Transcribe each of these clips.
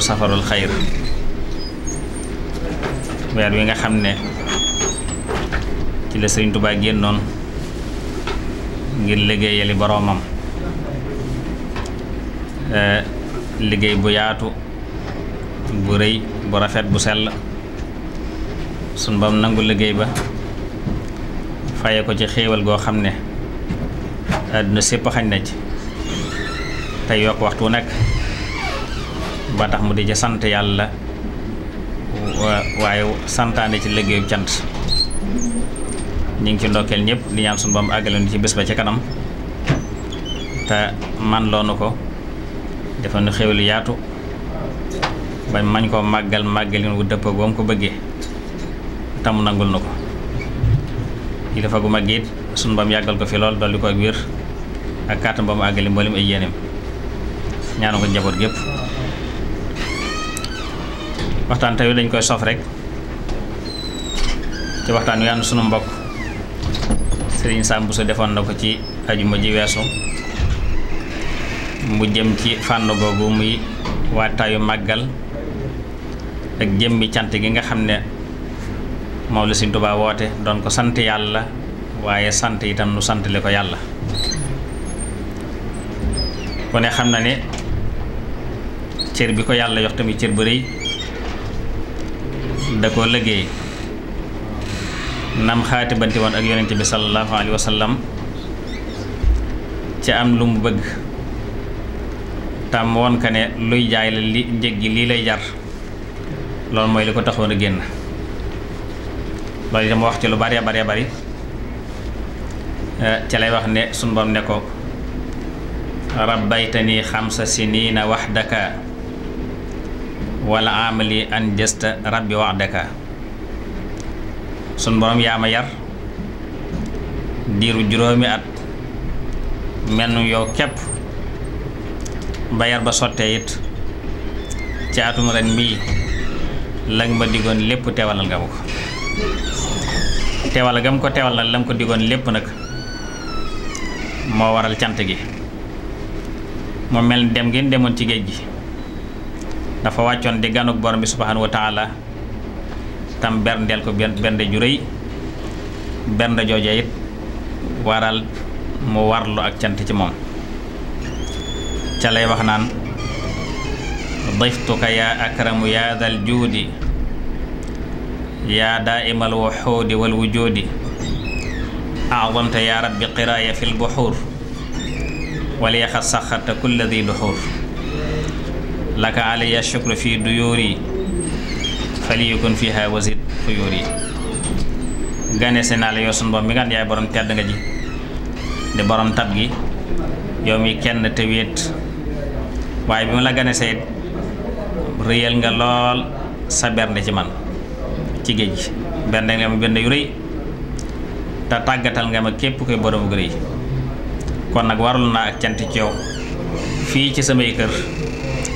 weeru safarul xayr weer wi nga xam ne ci la Sëriñ Tuubaa génnoon ngir liggéeyali boroomam eh, liggéey bu yaatu bu rëy bu rafet bu sell sun bam nangu liggéey ba faye ko ci xéewal goo xam ne àddina sépp xañ na ci tey yokk waxtu nekk ba tax mu di ca sant yàlla waaye santaane ci liggéeyu cant ñu ngi ci ndokkeel ñëpp di ñaan suñu bam àggale ci bés ba ca kanam te man loonu ko dafa nu xéwlu yaatu ba mañ koo màggal màggalin wu dëpp goom ko bëggee tamu nangul nu ko yi dafa gu mag it suñu bam yàggal ko fi lool dolli ko ak wér ak kàttan ba mu àggale mboolem ay yéeneem ñaanu ko njaboot gépp waxtaan tey dañ koy sof rek ci waxtaan wi ànd sunu mbokk Serigne Sam Bousso defoon na ko ci ajuma ji weesu mu jëm ci fànn googu muy wataayu màggal ak jëmmi cant gi nga xam ne moom la Sëriñ Tuubaa woote doon ko sant yàlla waaye sant itam nu sant li ko yàlla ku ne xam na ne cër bi ko yàlla jox tamit cër bu rëy da ko liggéey nam woon ak yonent bi sallallahu alayhi wa sallam ci am lu mu bëgg tam woon ne luy jaay la li njëg gi lii lay jar loolu mooy li ko taxoon a génn loolu itam wax ci lu bari bari bari eh, ci lay wax ne sunu Boroom ne ko rabbaytani xamsa wax wahdaka wala amali an jësta rabbi wax dëkka sun borom yaa ma yar diiru juróomi at mel nu yow képp ba yar ba sottee it ci atum ren mii lang ma diggoon lépp teewalal nga ma ko teewal gam ko teewal la lam ko diggoon lépp nag moo waral cant gi moo mel ni dem ngeen demoon ci géej gi dafa wàccoon di ganuk borom bi subhanahu wa taala tam berndeel ko bernde ju rëy bernde jooje it waral mu warlu ak cant ci moom ca lay wax naan diftuka yaa akramu yaa dal juudi yaa daaimal wuxuudi wal wujuudi acdamta yaa rabbi qiraaya fi lbuxuur waliyaxa saxarta kulla di duxuur laka alayya shukru fi duyuri faliyukun fiha wasid xuyuri gane si naa la yow sunu bopp mi nga yaay borom tedd nga ji di borom tab gi yow mi kenn te wéet waaye bi mu la gane see réyal nga lool sa bernde ci man ci géej gi bernde nga ma bernde yu rëy te tàggatal nga ma képp koy borom gu kon nag warul naa ak cant ci yow fii ci samay kër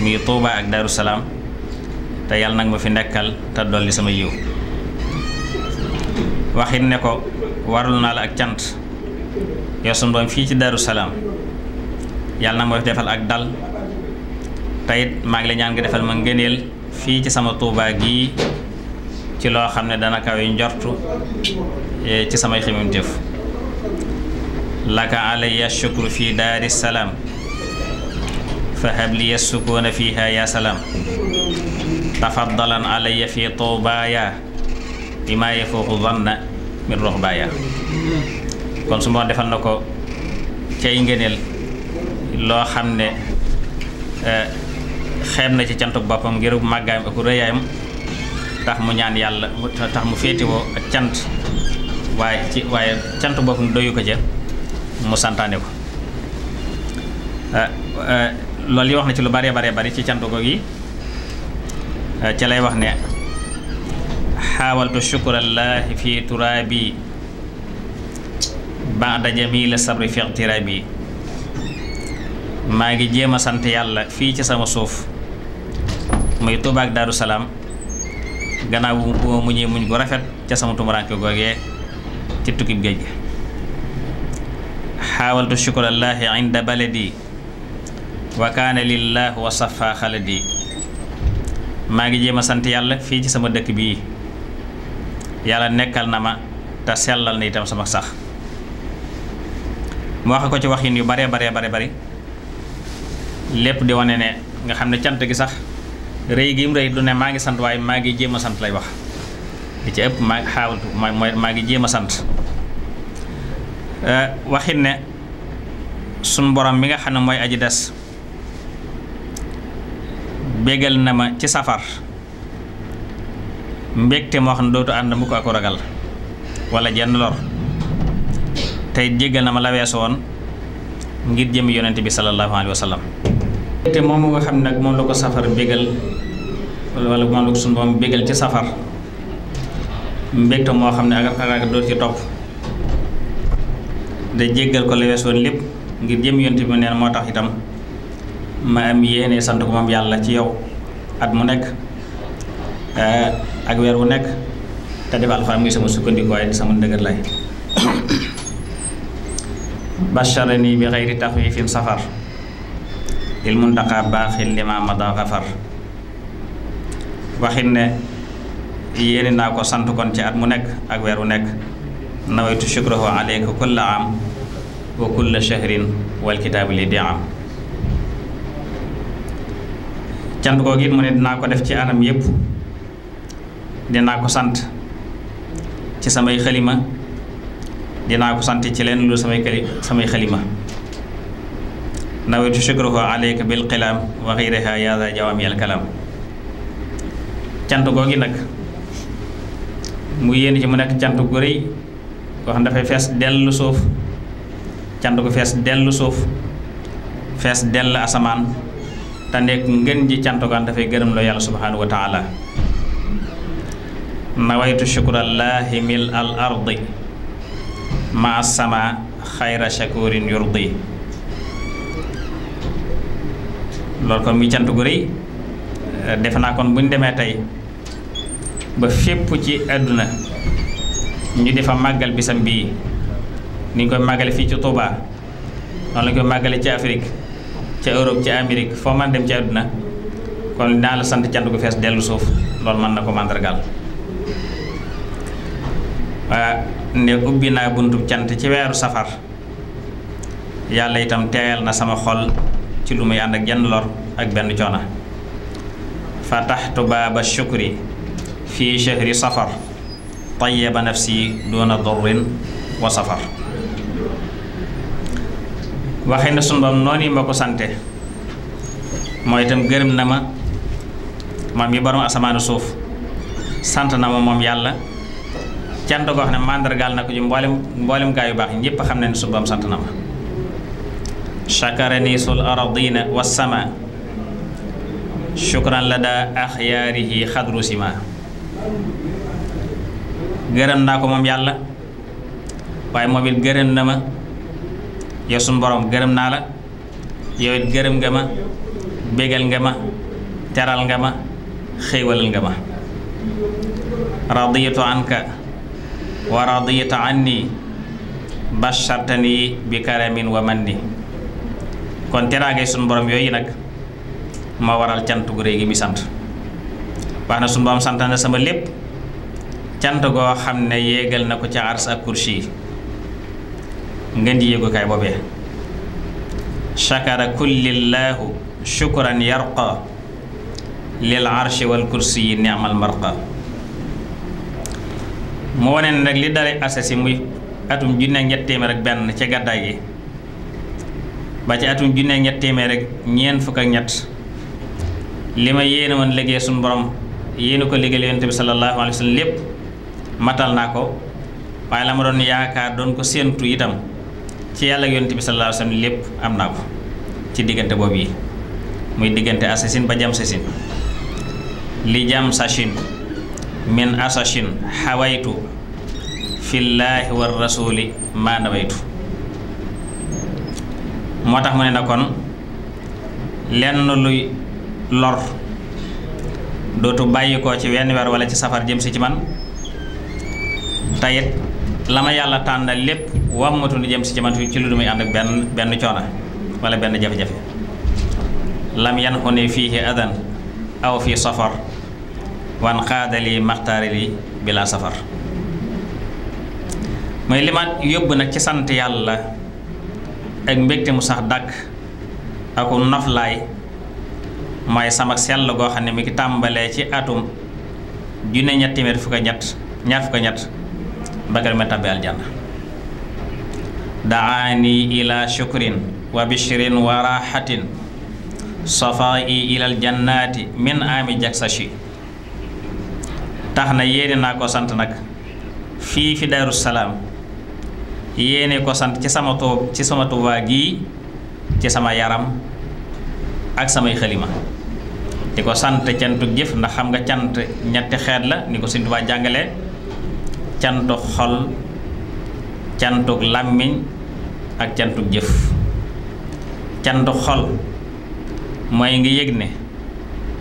mi ngi Tuubaa ak Daaru Salaam te yàlla nag ma fi nekkal te dolli sama yiw waxit ne ko warul naa la ak cant yow sunu doom fii ci Daaru Salaam yàlla nag ma fi defal ak dal tayit maa ngi la ñaan nga defal ma ngeneel fii ci sama Tuubaa gii ci loo xam ne dana kawe njortu e, ci samay xemam jëf laka alayya shukru fii daari salaam fa habliya sukuuna fiha ya salaam tafaddalan alayya fi tuubaaya bima yafuuqu danna min ruhbaaya kon su ma defal na ko cay ngëneel loo xam ne euh, xeeb na ci cantuk boppam ngir màggaayam ak rëyaayam tax mu ñaan yàlla tax mu féetewoo ak cant waaye cant boppam doyu ko ca mu santaane ko euh, euh, loolu yi wax na ci lu bare bare bari ci cant googu yi eh, ca lay wax ne xaawaltu shukrallaahi fi turaabi baada jamila sabri fi iqtirabi maa ngi jéem a sant yàlla fii ci sama suuf muy Tuubaa ak Salaam gannaaw bu mu muñee muñ bu rafet ca sama tumuraanke googee ci tukkib géej gi xaawaltu shukrallaahi inda baladi wa kaana lillah wa safa xaladi maa ngi jéem a sant yàlla fii ci sama dëkk bii yàlla nekkal na ma te sellal na itam sama sax mu waxe ko ci waxin yu baree baree bare bari lépp di wane ne nga xam ne cant gi sax rëy gi mu rëy du ne maa ngi sant waaye maa ngi jéem a sant lay wax li ci ëpp maa ngi xaawaltu maa ngi jéem a sant eh, waxin ne suñ borom mi nga xam ne mooy aji des bégal na ma ci safar mbégte moo xam ne dootu ànd mukk ak ragal wala jenn lor tey jéggal na ma la weesu woon ngir jëm yonent bi sallallahu alayhi wa sallam te xam nag moom la ko safar bégal wala moom la ko sunu moom moo xam ne ak ak dootu ci topp da jéggal ko la weesu woon lépp ngir jëm yonent bi neen moo tax itam ma am yéene sant ko moom yàlla ci yow at mu nekk eh, ak weer wu nekk te def alxuraan muy sama sukkandikuwaay di sama ndëgër lay basharani bi xayri taxwifin safar il muntaqa baaxil lima mada xafar waxin ne yéene naa ko sant kon ci at mu nekk ak weer wu nekk nawaytu shukrahu alayka kulla am wa kulla shahrin wal kitaabi li am cant googu it mu ko def ci anam yépp ko sant ci samay xalima dinaa ko sant ci leen lu samay kali samay xalima nawetu shukruhu nag mu yéen ci mu nekk cant gu rëy wax dafay fees dellu suuf cant gu fees dellu suuf fees dell asamaan te nekk ngeen ji cantukaan dafay gërëm loo yàlla subhaanahu wa taala nawaytu shukrallaahi mil al ardi ma sama xayra shakurin yurdi loolu kon muy cant gu rëy defe naa kon bu ñu demee tey ba fépp ci àdduna ñu defa màggal bisam bi ni ñu koy màggale fii ci Touba noonu lañu koy màggale ci Afrique ca Europe ca Amérique foo man dem ci na kon dinaa la sant cant gu fees dellu suuf lool mën na ko màndargal waa ah, ne ubbi naa buntu cant ci weeru safar yàlla itam teeyal na sama xol ci lu muy ànd ak jenn lor ak benn coona fataxtu baaba shukri fii shahri safar tayyiba nafsi doona durrin wa safar waxee na sunu borom noonu yi ma ko sante mooy itam gërëm na ma moom yi borom asamaanu suuf sant na ma moom yàlla cant goo xam ne màndargaal na ko ci mboolem mboolem gaa yu baax ñëpp xam ne ni sunu borom sant na ma chakarani sul aradina wassama shukran lada axyaarihi xadru sima gërëm naa ko moom yàlla waaye moom it gërëm na ma yow suñu borom gërëm naa la yow it gërëm nga ma bégal nga ma teral nga ma xéewalal nga ma radiyatu anka wa radiyatu anni bashartani bi karamin wa manni kon teraangay suñu borom yooyu nag ma waral cant gu réy mi sant wax na suñu borom sant sama lépp cant goo xam ne yéegal na ko ca ars ak kursi ngeen di yéegukaay boobee shakara kullillahu shukran yarqa lil arshi kursi yi ni'mal marqa mu wane ne rek li dale asasi muy atum junne ñett téeméer benn ca gàddaay gi ba ci atum junne ñett téeméer ak ñeent fukk ak ñett li ma yéene woon liggéey suñu borom yéene ko liggéey yonent bi sallallahu alayhi lépp matal naa ko waaye la ma doon yaakaar doon ko séentu itam ci yàlla ak yonent bi sallallahu lépp am naa ko ci diggante boobu yi muy diggante assassin ba jam sasin li jam sachin min assashin xawaytu fillaahi war rasuli maa moo tax mu ne na kon lenn luy lor dootu bàyyi ko ci wenn weer wala ci safar jëm si ci man tayit la ma yàlla tànnal lépp wàmmatu lu jëm si jamono ci lu muy ànd ak benn coono wala benn jafe-jafe lam yan xu ne fii adan aw fii safar wan xaadali maxtaari li safar mooy li yóbbu nag ci sant yàlla ak mbégte mu sax dàkk ak noflaay mooy sama sell goo xam ne mi tàmbalee ci atum junne ñetti téeméer fukk ñett ñaar fukk ñett mbagal ma tàbbi daani ila shukrin wa bishrin wa rahatin safaa'i ilal jannaati min ami jaksashi tax na yéene naa ko sant nag fii fi Daaru Salaam yéene ko sant ci sama too ci sama Tuubaa ci sama yaram ak samay xalima di ko sant cantu jëf ndax xam nga cant ñetti xeet la ni ko Sëñ Tuubaa jàngale cantu xol cantuk làmmiñ ak cantu jëf cantu xol mooy nga yég ne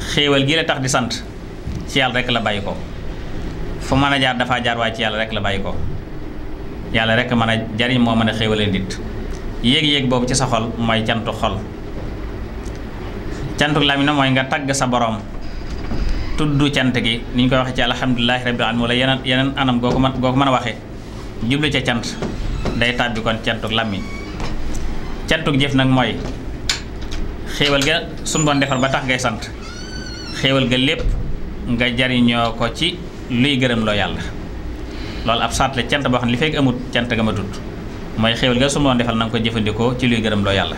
xéewal gi la tax di sant ci yàlla rek la bàyyi ko fu mën a jaar dafaa jaar waaye ci yàlla rek la bàyyi ko yàlla rek mën a jariñ moo mën a xéewale nit yéeg-yéeg boobu ci sa xol mooy cantu xol cantu làmmiñ mooy nga tagg sa borom tudd cant gi ni ñu koy waxee ci alhamdulilahi rabbil alamin wala yeneen yeneen anam goo ko mën a waxee jublu ca cant day tàbbi kon centuk làmmiñ centuk jëf nag mooy xéewal ga sun doon defar ba tax ngay sant xéewal ga lépp nga jariñoo ko ci luy gërëm loo yàlla loolu ab sart la cant boo xam li fekk amut cant ga ma tudd mooy xéewal ga su defal na ko jëfandikoo ci luy gërëm loo yàlla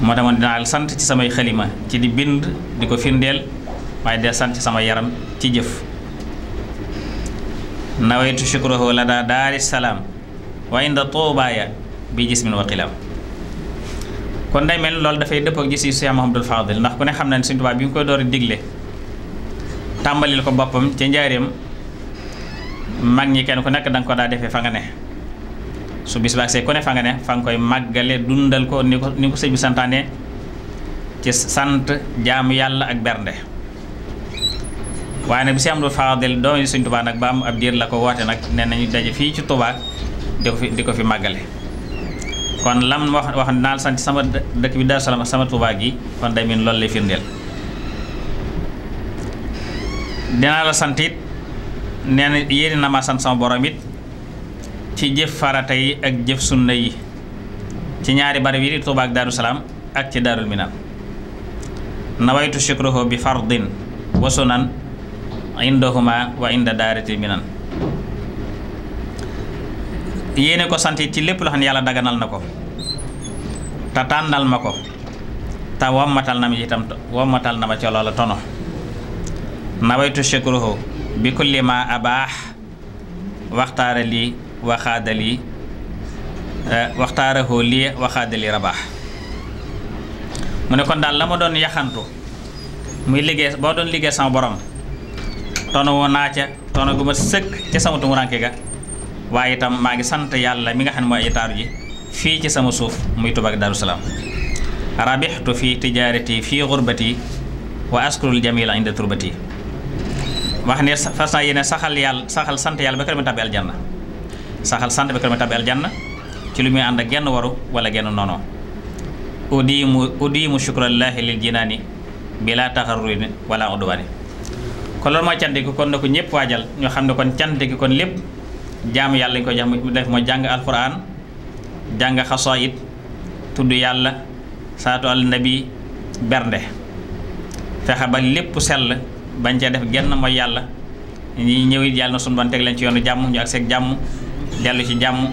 moo tax man dinaa sant ci samay xalima ci di bind di ko firndeel waaye de sant ci sama yaram ci jëf nawaytu shukrahu la daa daari wa inda tuubaaya bi jismin wa qilam kon day mel loolu dafay dëppoo ak gis yu Cheikh Mouhamadul Fadil ndax ku ne xam na ne Sëriñ Tuubaa bi ñu koy door a digle tàmbalil ko boppam ca njaareem mag ñi kenn ku nekk da ko daa defee fa nga ne su bis ku ne fa nga ne fa nga koy màggale dundal ko ni ko ni ko sëñ bi santaane ci sant jaamu yàlla ak bernde waaye ne bi Cheikh Mouhamadul Fadil doom yi Sëriñ Tuubaa nag ba am ab diir la ko woote nag nee nañu daje fii ci Tuubaa di ko fi di ko fi màggale kon lam wax wax naal sant sama dëkk bi Daaru Salaam sama Tuubaa gi kon day miin loolu firndeel dinaa la sant it nee na na ma sama borom it ci jëf farata yi ak jëf sunna yi ci ñaari barab yi di Tuubaa ak Daaru ak ci Daarul Minam nawaytu shukruhu bi fardin wa sunan indahuma wa inda daarati minan yéene ko sant ci lépp loo xam yàlla daganal na ko te tànnal ma ko te na ma itam wammatal na ma ca loola tono nawaytu bi kulli ma abaax waxtaara lii waxaada lii eh, lii waxaada rabaax mu ne kon daal la ma doon yaxantu muy liggéey boo doon liggéey sama borom tono woo naa ca tono gu ma sëkk ca sama tumuraanke ga waaye itam maa ngi sant yàlla mi nga xam ne mooy taaru ji fii ci sama suuf muy Tuubaa ak rabixtu fi tijaarati fii xurbati wa askurul jamila inda turbati wax ne fas naa yéene saxal yàlla saxal sant yàlla ba kër ma tàbbi aljanna saxal sant ba kër ma tàbbi aljanna ci lu muy ànd ak genn waru wala genn noonu udiimu udiimu shukrallaahi lil jinaani bila taxarrurin wala udwaani kon loolu mooy cant gi kon na ko ñëpp waajal ñoo xam ne lépp jaamu yàlla lañ ko jax def mooy jàng alquran jàng xasaayid tudd yàlla salaatu al nabi bernde fexe ba lépp sell bañ cee def genn mooy yàlla ñi ñëw it yàlla na sunu ban teg leen ci yoonu jàmm ñu ak seeg jàmm dellu ci jàmm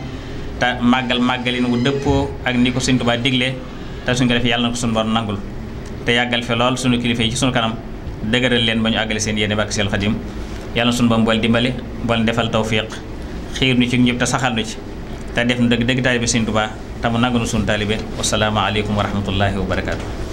te màggal màggalin wu dëppoo ak ni ko Sëñ Tuubaa digle te suñ ko def yàlla na ko sunu ban nangul te yàggal fi lool sunu kilifa yi ci sunu kanam dëgëral leen ba ñu àggale seen yéene bàkk seen xadim yàlla na sunu ba mbool dimbali mbool defal xiir nu ci ñëpp te saxal nu ci te def nu dëgg dëgg taalibe Sëriñ Tuubaa te mu nangu nu sunu taalibe wasalaamu aleykum wa rahmatullahi wa barakaatu.